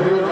Thank you.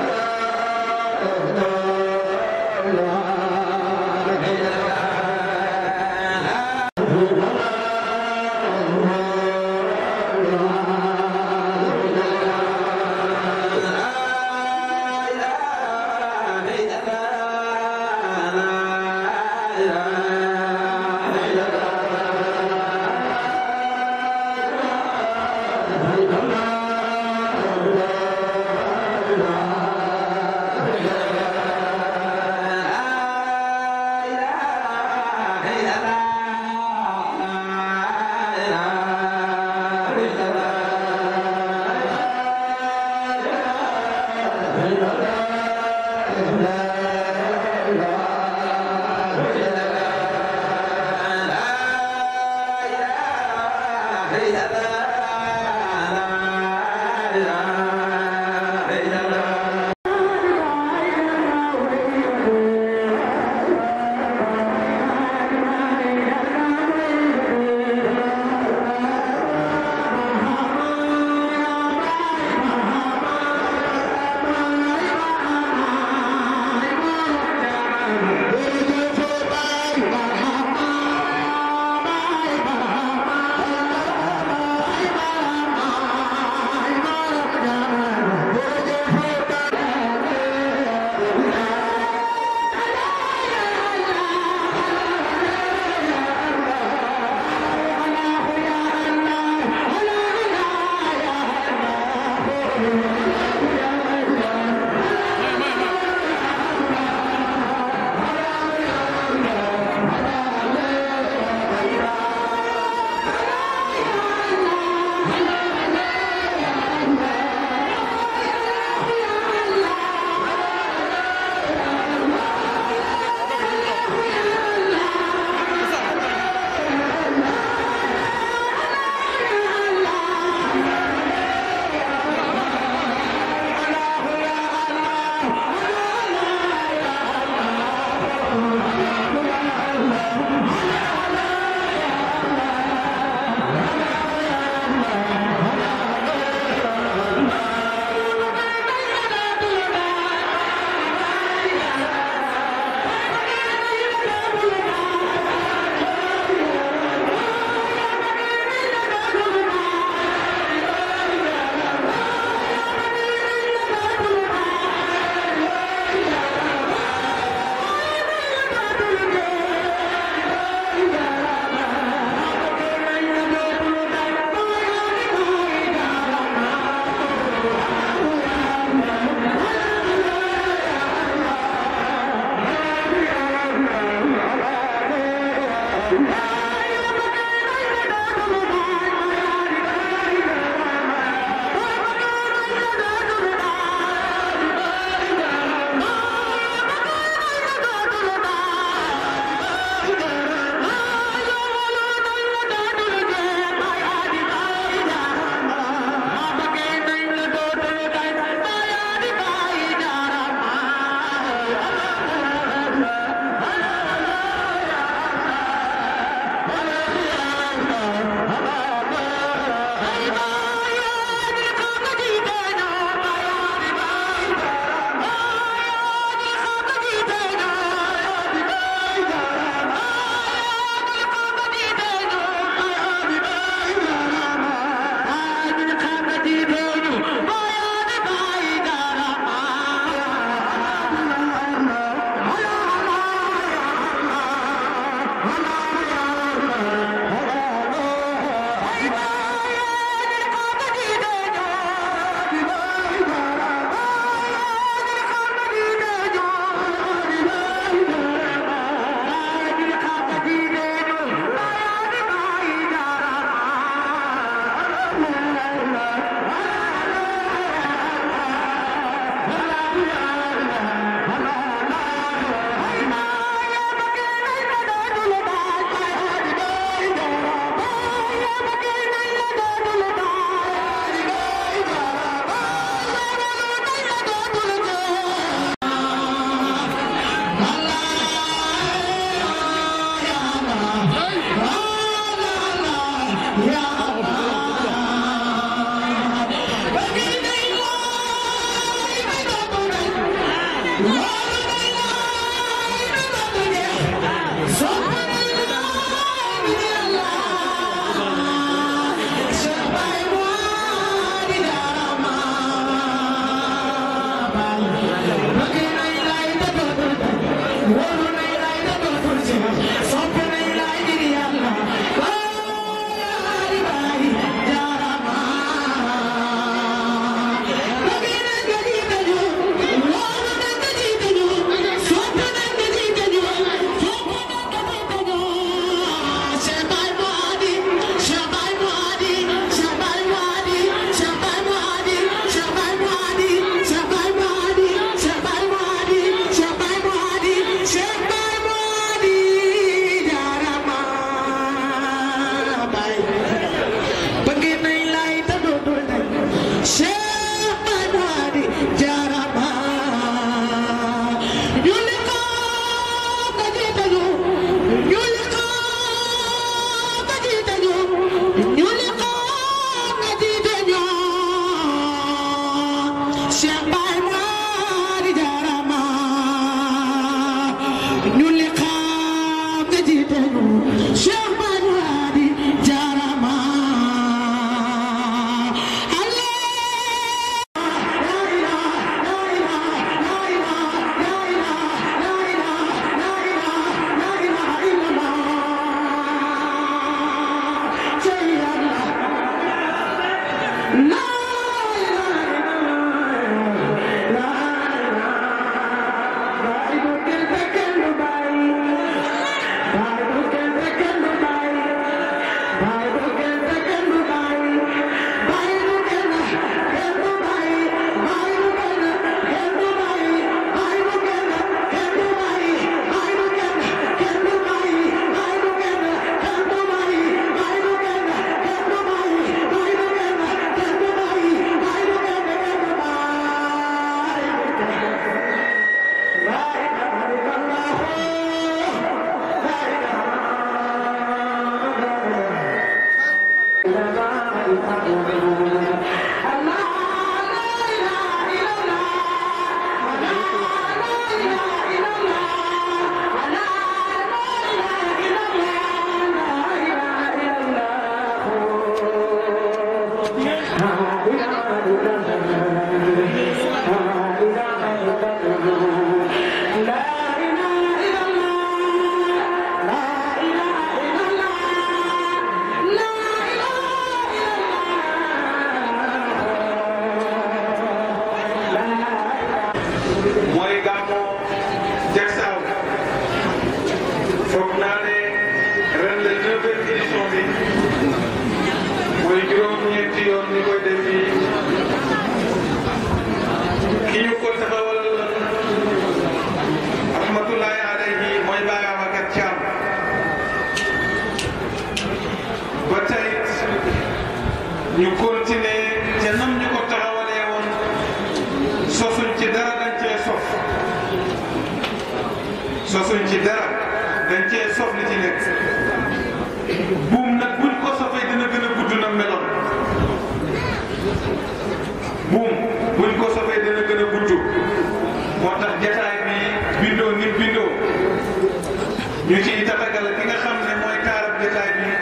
ñu ciy tatagal ki nga xam ne mooy taarab jotaay bi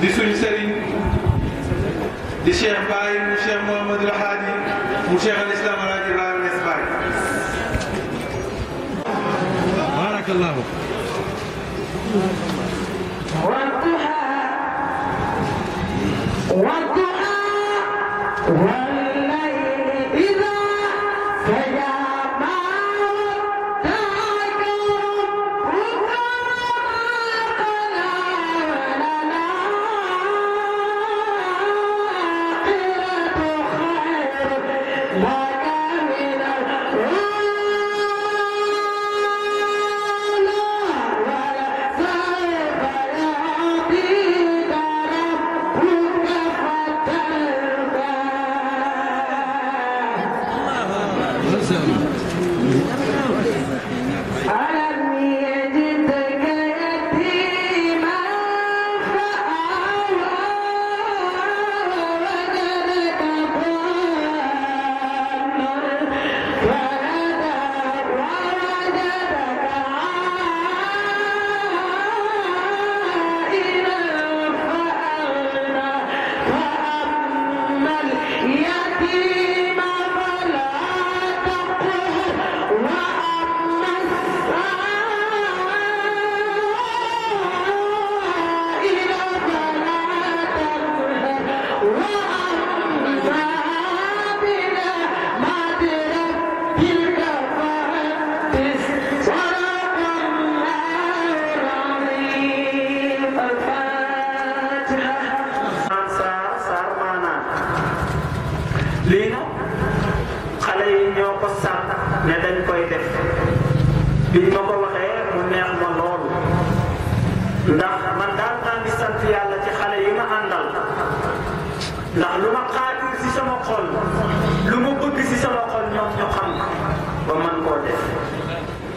di suñ sëriñ di Cheikh Baye mu Cheikh Mouhamadou El Hadji mu Cheikh al Islam El Hadji Ibrahima Niass Baye. barakallahu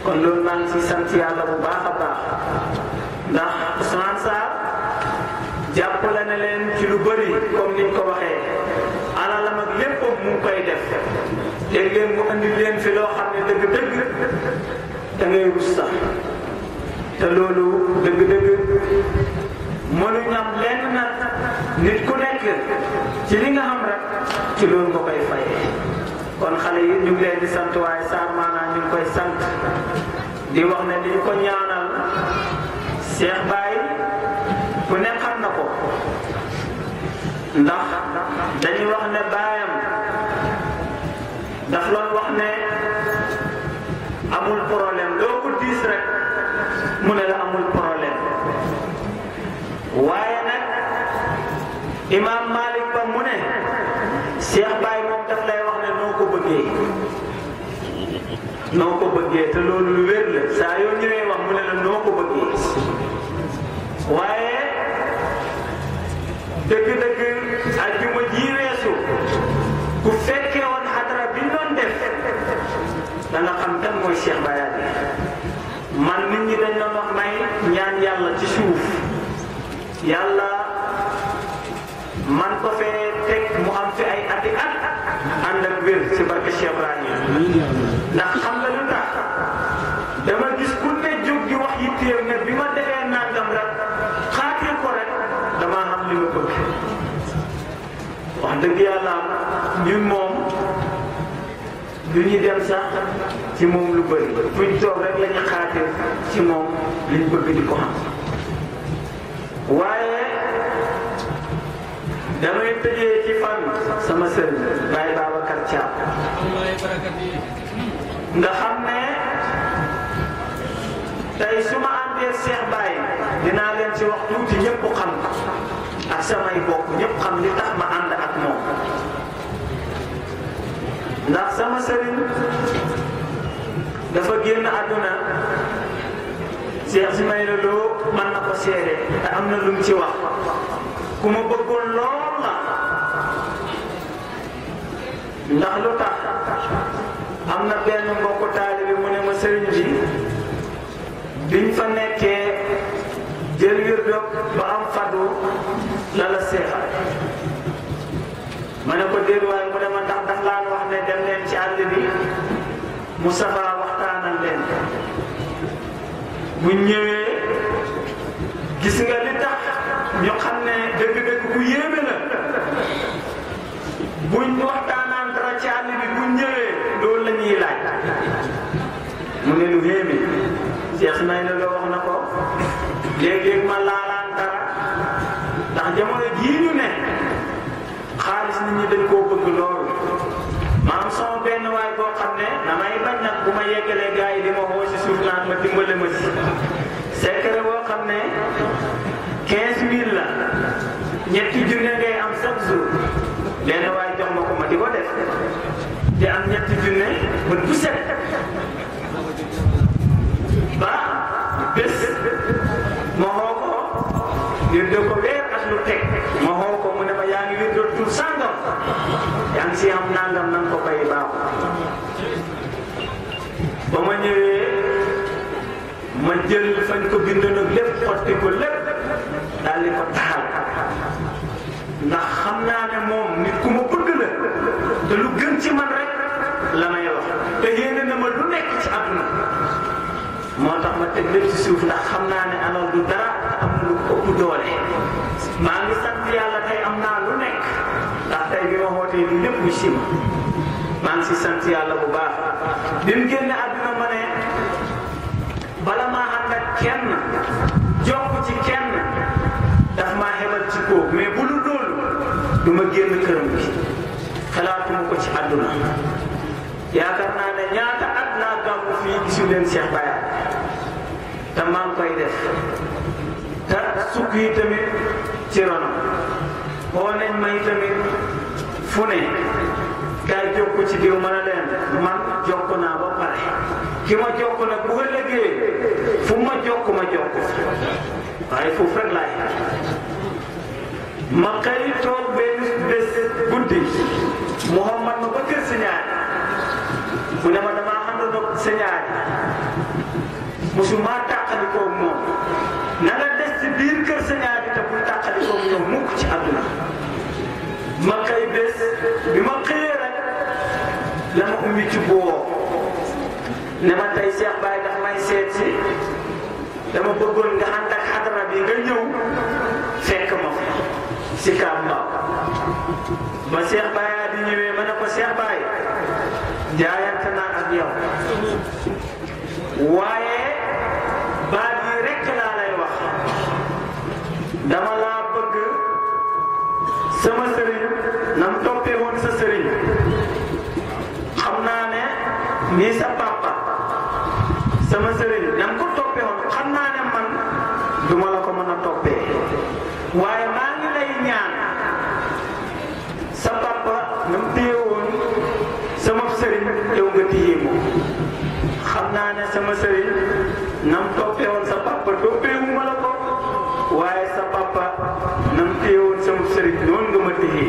kon loolu maa ngi ciy sant bu baax a baax ndax Ousmane Sarr jàppale na leen ci lu bari comme niñ ko waxee alalam ak lépp mu ngi koy def léegi leen mu andi leen fi loo xam ne dëgg-dëgg da ngay sax te loolu dëgg-dëgg mënuñ am lenn nag nit ku nekk ci li nga xam rek ci loolu nga koy fay kon xale yi ñu ngi leen di sant waaye Sarr maanaam ñu koy sant di wax ne di ko ñaanal Cheikh Baye ku ne xam na ko ndax dañuy wax ne baayam daf loon wax ne amul problème loo ko diis mu ne la amul problème waaye nag Imam Malik ba mu ne Cheikh Baye noo ko bëggee te loolu lu wér saa yoo ñëwee ne la noo ku fekkee woon xadara bi ñu doon def da nga xam kan mooy Cheikh Bayani man nit ñi dañ doon wax may ñaan yàlla ci suuf yàlla du ñu dem sax ci moom lu bëri fuñ toog rek la ñu xaatir ci moom liñ bëgg di ko xam waaye damay tëjee ci fan sama sëriñ Baye Babacar Thiam nga xam ne tey su ma àndee Cheikh Baye dinaa leen ci wax tuuti ñëpp xam ak samay bokk ñëpp xam li tax ma ànd ak moom ndax sama sëriñ dafa génn àdduna Cheikh si may la loo mën na ko seere am na lum ci wax ku ma lool la ndax lu tax am na benn mbokku taalibe mu ne ma sëriñ bi biñ fa nekkee jël yur dog dem ci àll bi Moustapha waxtaanal leen bu ñëwee gis nga li tax ñu xam ne dëgg-dëgg bu yéeme la buñ waxtaanaan dara ci àll bi bu ñëwee loolu la ñuy laaj mu ne lu yéeme Cheikh Naynelo wax na ko léeg-léeg ma laalaan dara ndax jamono ne damay bañ nag bu ma yeggalee gars yi di ma woo suuf naan ma dimbale ma si secret xam ne quinze mille la ñetti junne ngay waaye jox ma ko ma di ko def di am ñetti junne bët bu set ba bés ma xoo ko wirde ko lu teg ma xoo mu ne ma yaa ngi wirde tur sàngam yaa ngi si am nangam na ko bay baaxul ba ma ñëwee ma jël fañ ko bind nag lépp xotti ko lépp daal di ko taxal naa ne moom nit ku ma bëgg la lu gën ci man la may te yéene na ma lu nekk ci àdduna moo tax ma teg lépp ci suuf ndax xam naa ne alors du dara am lu ëpp doole maa ngi sant yàlla tey am naa lu nekk ndax tey bi ma wootee li lépp lu si maa ngi si sant yàlla bu baax bi mu génne àdduna ma ne bala maa ànd ak kenn jokk ci kenn daf maa xebal ci kooku mais bu lu du ma génn këram gi xalaatuma ko ci àdduna yaakaar naa ne ñaata at naa gàmmu fii gisu leen Cheikh Baya koy def te sukk yi tamit ci ronam may tamit fu yaa jokk ci diw mën a leen man jokk naa ba pare ki ma jokk nag bu ëllëgee fu ma jokk ma jokk waaye foofu rek laay ma xëy toog benn bés guddi Mouhamad ma ba kër Sénégal mu ne ma damaa àndandoo ak Sénégal musuma tàqali koog moom na nga des ci biir kër Sénégal bi te bul tàqali koog mukk ci àdduna ma xëy bés bi ma xëyee rek na ma ummi ci boo ne ma tey Seex Baay ndax may seet si dama bëggoon nga ànd ak xadara bi nga ñëw fekk ma si kaam mbaaw ba Seex Baay di ñëwee ma ne ko Seex Baay jaayante naa ak yow waaye baat yi rekk laa lay wax dama laa bëgg sama sëriñ nam topp lii sa papa sama sëriñ na ko toppee woon xam naa du ma la ko mën a toppee waaye maa ngi lay ñaan sa papa na mu téye woon sama sëriñ yow nga téye moom xam naa ne sama sëriñ na mu toppee woon sa papa toppee wu ma la ko waaye sa papa na mu téye woon sama sëriñ ma téye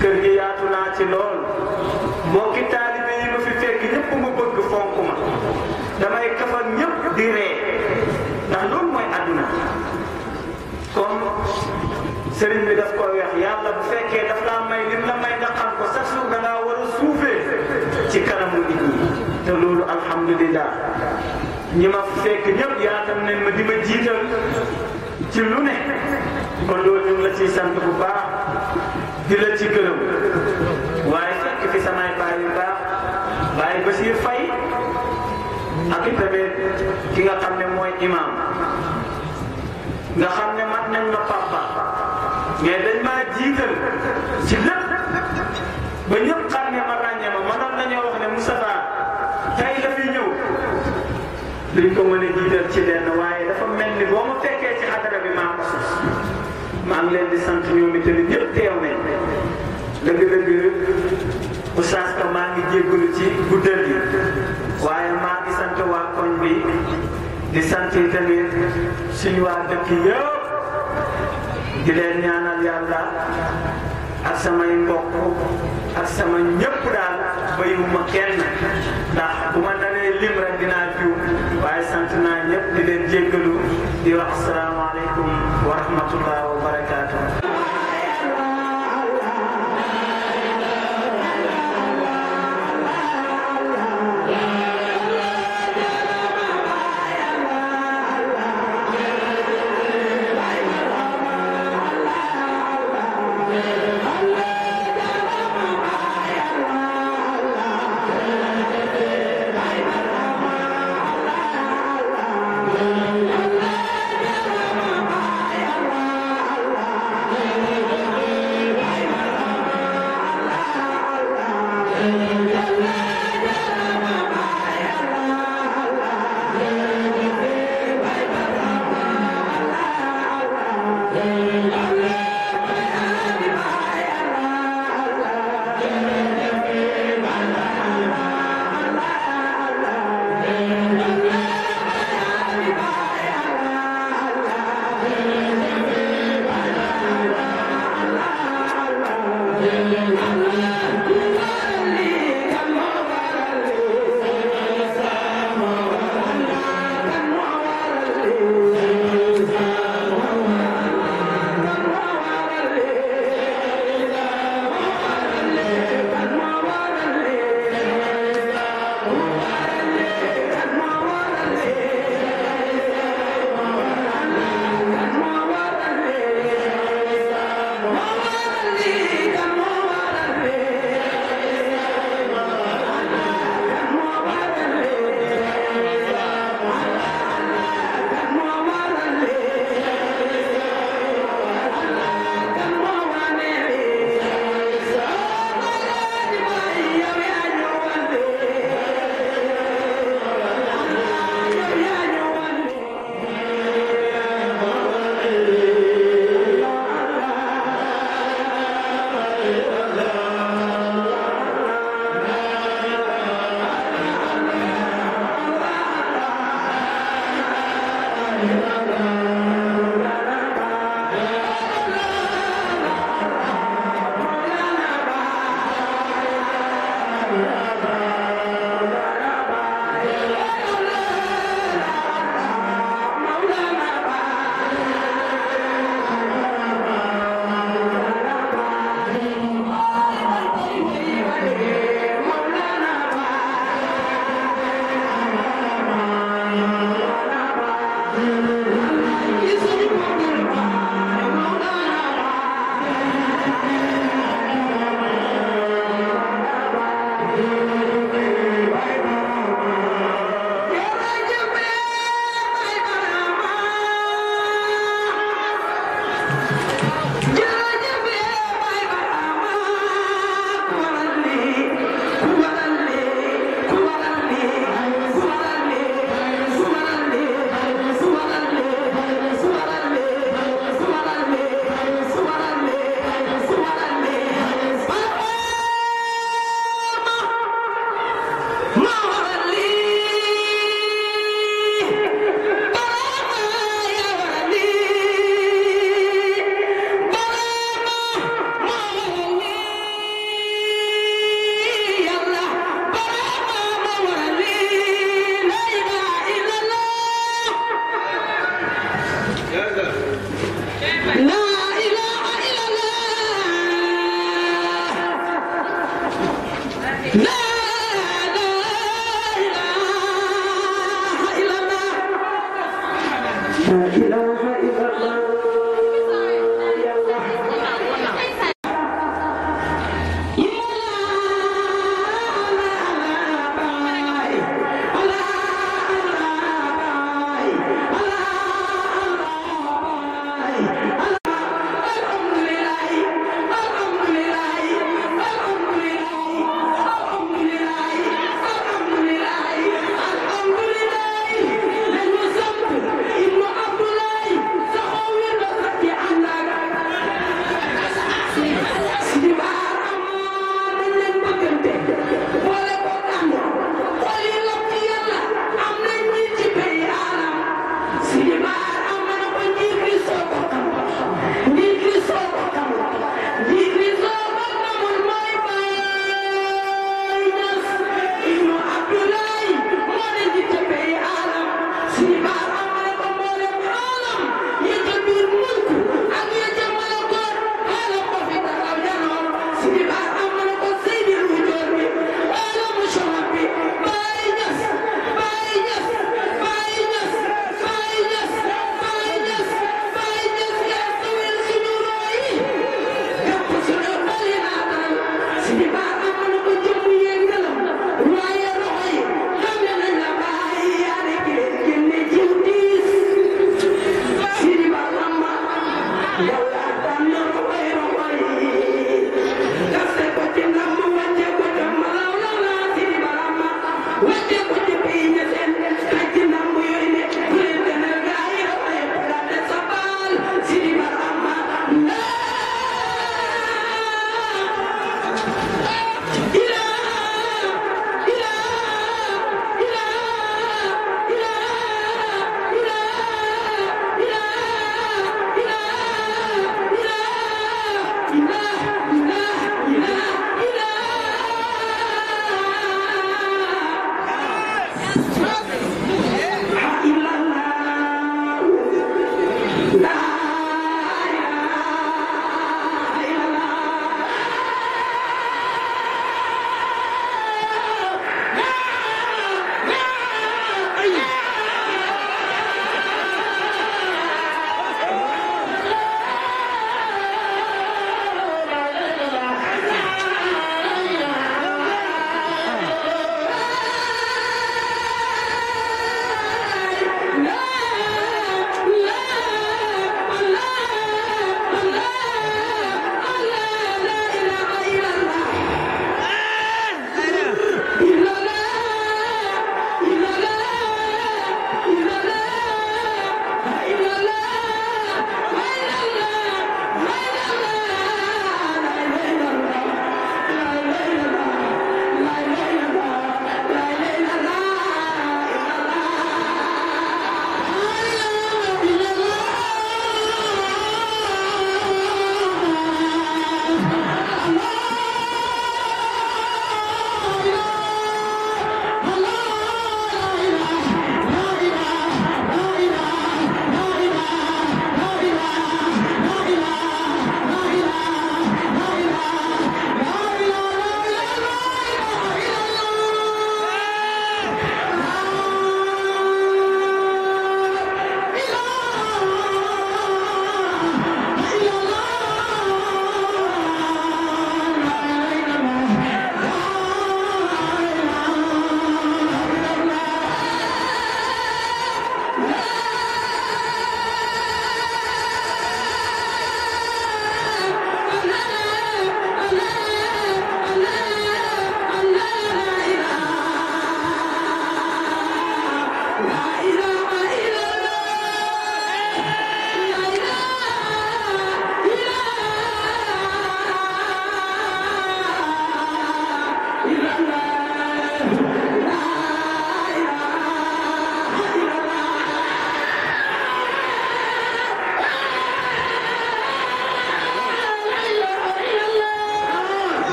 kër gi yaatu ci lool. di ree ndax loolu mooy àdduna comme sëriñ bi daf koy wax yàlla bu fekkee daf laa may lim may nga ko sax suuf da ngaa war a suufee ci kanamu nit ñi te loolu alhamdulilah ñi ma fekk ñëpp yaatal nañ ma di ma jiital ci lu ne kon loolu ñu ngi la ciy sant bu baax di la ci gërëm waaye fekk fi samay baay yu baax baay Basiir Fay ak i tamit ki nga xam ne mooy imaam nga xam ne mat nañ ma papa dañ maa jiital ci lépp ba ñëpp xam ma ràññee ma mënoon nañoo wax ne Moustapha tey la fi ñëw duñ ko mën a jiital ci lenn waaye dafa mel ni boo ma fekkee ci xadara bi maa ko maa ngi leen di sant ñoom itamit ñëpp teew nañ dëgg-dëgg oustaz ka maa ngi jéggalu ci guddal yi waaye maa sant di sant tamit suñu waa dëkk yëpp di leen ñaanal yàlla ak samay mbokk ak sama ñëpp daal bayuma kenn ndax bu ma naree lim rek dinaa jiw waaye sant naa ñëpp di leen jéggalu di wax asalaamaaleykum wa rahmatullah wa barakaatu.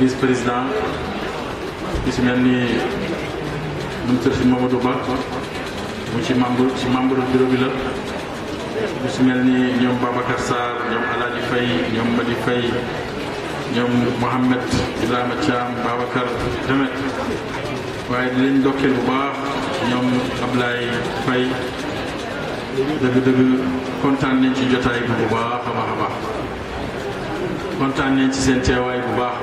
vice président bi si mel ni ministre si Mamadou Ba ci membre ci membre bureau bi la bi si mel ni ñoom Babacar Sarr ñoom Alaaji Faye ñoom Madi Faye ñoom Mohamed Ibrahima Thiam Babacar Demet waaye di leen dokkeel bu baax ñoom Ablaye Faye dëgg-dëgg kontaan nañ ci jotaay bi bu baax a kontaan nañ ci seen teewaay bu baax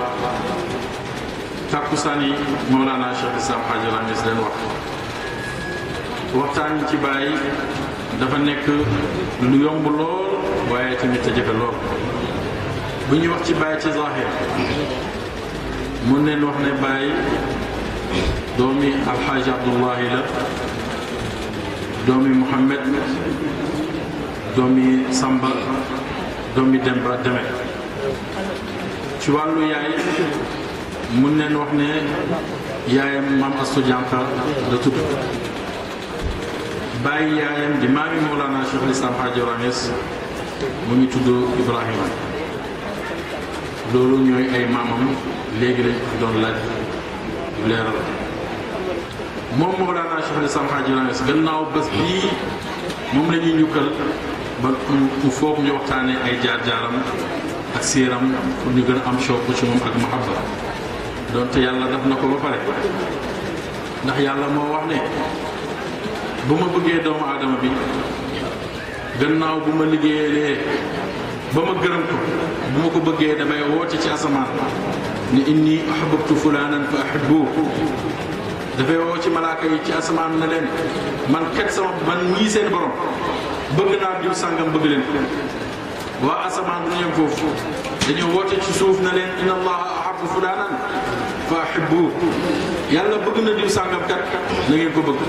tàkkusaan yi Mawlana Cheikh Islam Hadji Ramis leen wax waxtaan yi ci bàyyi dafa nekk lu yomb lool waaye tamit a jafe lool bu ñuy wax ci bàyyi ci zahir mun leen wax ne bàyyi doomi alxaaji abdullahi la doomi muhammad doomi samba doomi demba deme ci wàllu yaay mun neen wax ne yaayam maam Astu Jànqa la tudd bàyyi yaayam di maami Mawlana Cheikh Lislaam Haaji Rames mu ngi tudd Ibrahima loolu ñooy ay maamam léegi lañ ko doon laaj yu leeral moom Mawlana Cheikh Lislaam Haaji Rames gannaaw bés bii moom la njukkal ba mu foog ñu ay jaar-jaaram ak siiram pour ñu gën a am shawq ci moom ak mahabba donte yàlla def na ko ba pare ndax yàlla moo wax ne bu ma bëggee doomu aadama bi gannaaw bu ma liggéeyee ba ma gërëm bu ma ko bëggee damay woote ci asamaan ne inni ahbabtu fulaanan fa ahibbu dafay woo ci malaaka yi ci asamaan na leen man kat sama man ñii seen borom bëgg naa diw sàngam bëgg leen waa asamaan du ñoom foofu dañoo woote ci suuf na leen inna allaha ahabbu fulaanan fa ahibbu yàlla bëgg na diw sàngam kat na ngeen ko bëgg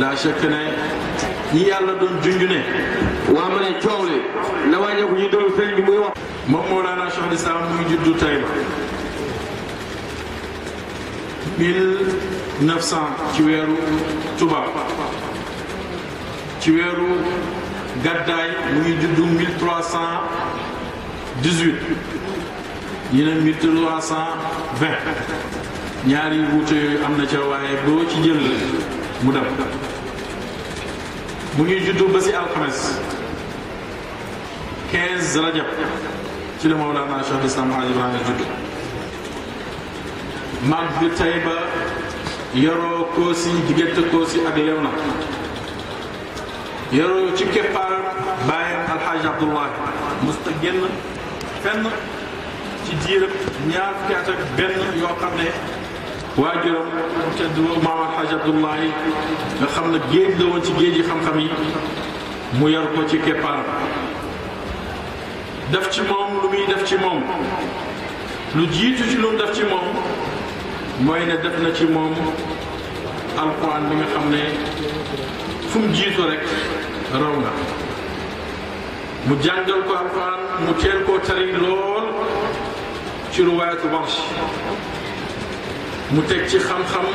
la chèque ne ñi yàlla doon junj ne waa ma ne coow li na wàññeeku ñu déglu sëriñ bi muy wax moom Mawlana Cheikh Islam muy juddu Taïba 1900 ci weeru tubaab ci weeru gàddaay mu ngi juddu mille trois cent dix-huit ñu ne mille trois cent vingt ñaari wuute yooyu am na ca waaye boo ci jël mu dem mu ngi juddu ba si alxames rajab ci la Mawlana Cheikh Islam Hadj Ibrahima juddu mag bi Tayba yoroo Koosi diggante Koosi ak Léona yoroo ci keppaaram bàyyam alxaaj abdullahi musta génn fenn ci diirab ñaar fukki at ak benn yoo xam ne waajuram mu tedd maam alxaaj abdullahi nga xam ne géej la woon ci géej yi xam-xam yi mu yar ko ci keppaaram def ci moom lu muy def ci moom lu jiitu ci lu mu def ci moom mooy ne def na ci moom alquran bi nga xam ne fu mu jiitu rek raw na mu jàngal ko alxuraan mu teel koo tari lool ci ruwaayatu Warsh mu teg ci xam-xam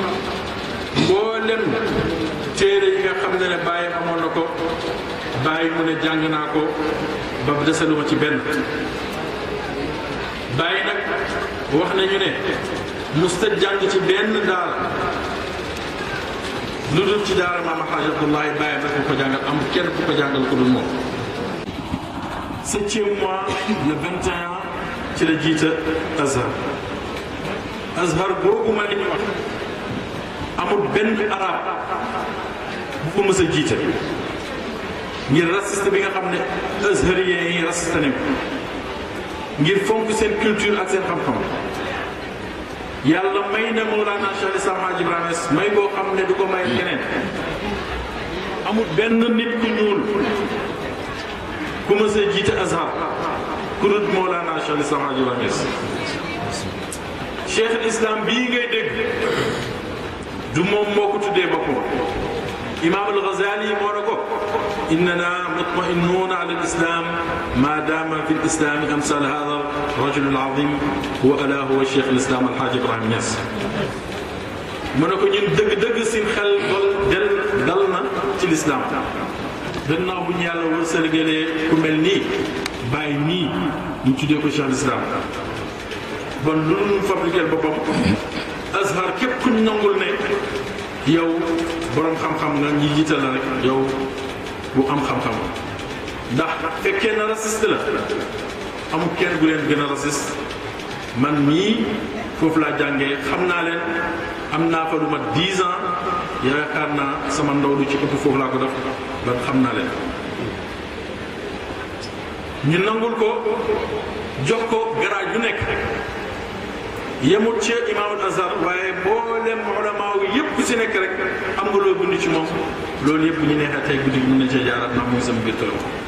mboolem téere yi nga xam ne ne bàyyi amoon na ko bàyyi mu ne jàng naa ko ba desaluma ci benn bàyyi nag wax nañu ne musta jàng ci benn daal lu ci daara maam Alxaaji Abdoulaye bàyyam rek ko jàngal amul kenn ku ko jàngal ku dul moom septième mois le 21 ci la jiita Azhar Azhar boobu ma ni benn arab bu ko mës a jiite ngir raciste bi nga xam ne azhariyeen yi raciste ngir fonk seen culture ak seen xam-xam yàlla may na Mawlana Cheikh Islam Hadj Ibrahima may boo am ne du ko may keneen amul benn nit ku ñuul ku mës a jiite Azhar ku dut Mawlana Cheikh Islam Hadj Ibrahima Cheikh Islam bii ngay dégg du moom moo ko tuddee boppam Imaam al-Ghazali moo na إننا مطمئنون على الإسلام ما دام في الإسلام أمثال هذا الرجل العظيم هو ألا هو الشيخ الإسلام الحاج إبراهيم Niass mu ne ko ñun dëgg-dëgg si xel dol del dal na ci lislaam gannaaw bu ñu yàlla wërsëgalee ku mel nii bàyyi nii ñu tuddee ko cheikh lislaam bon lu ñu fabriqué boppam azhar képp ku ñu nangul ne yow boroom xam-xam nga ñi jiital la rek yow bu am xam-xam ndax fekkee na raciste la amul kenn bu leen gën a raciste man mii foofu laa jàngee xam naa leen am naa fa lu mat dix ans yaakaar naa sama ndaw du ci ëpp foofu laa ko def ba xam naa leen ñu nangul ko jox ko garaaj yu nekk yemut ci imaamul azhar waaye boo dem ulamaaw yépp si nekk rek am nga looy bind ci moom loolu yëpp bu ñu neexee tey guddi mën na cee jaarat ndax mooy sama biir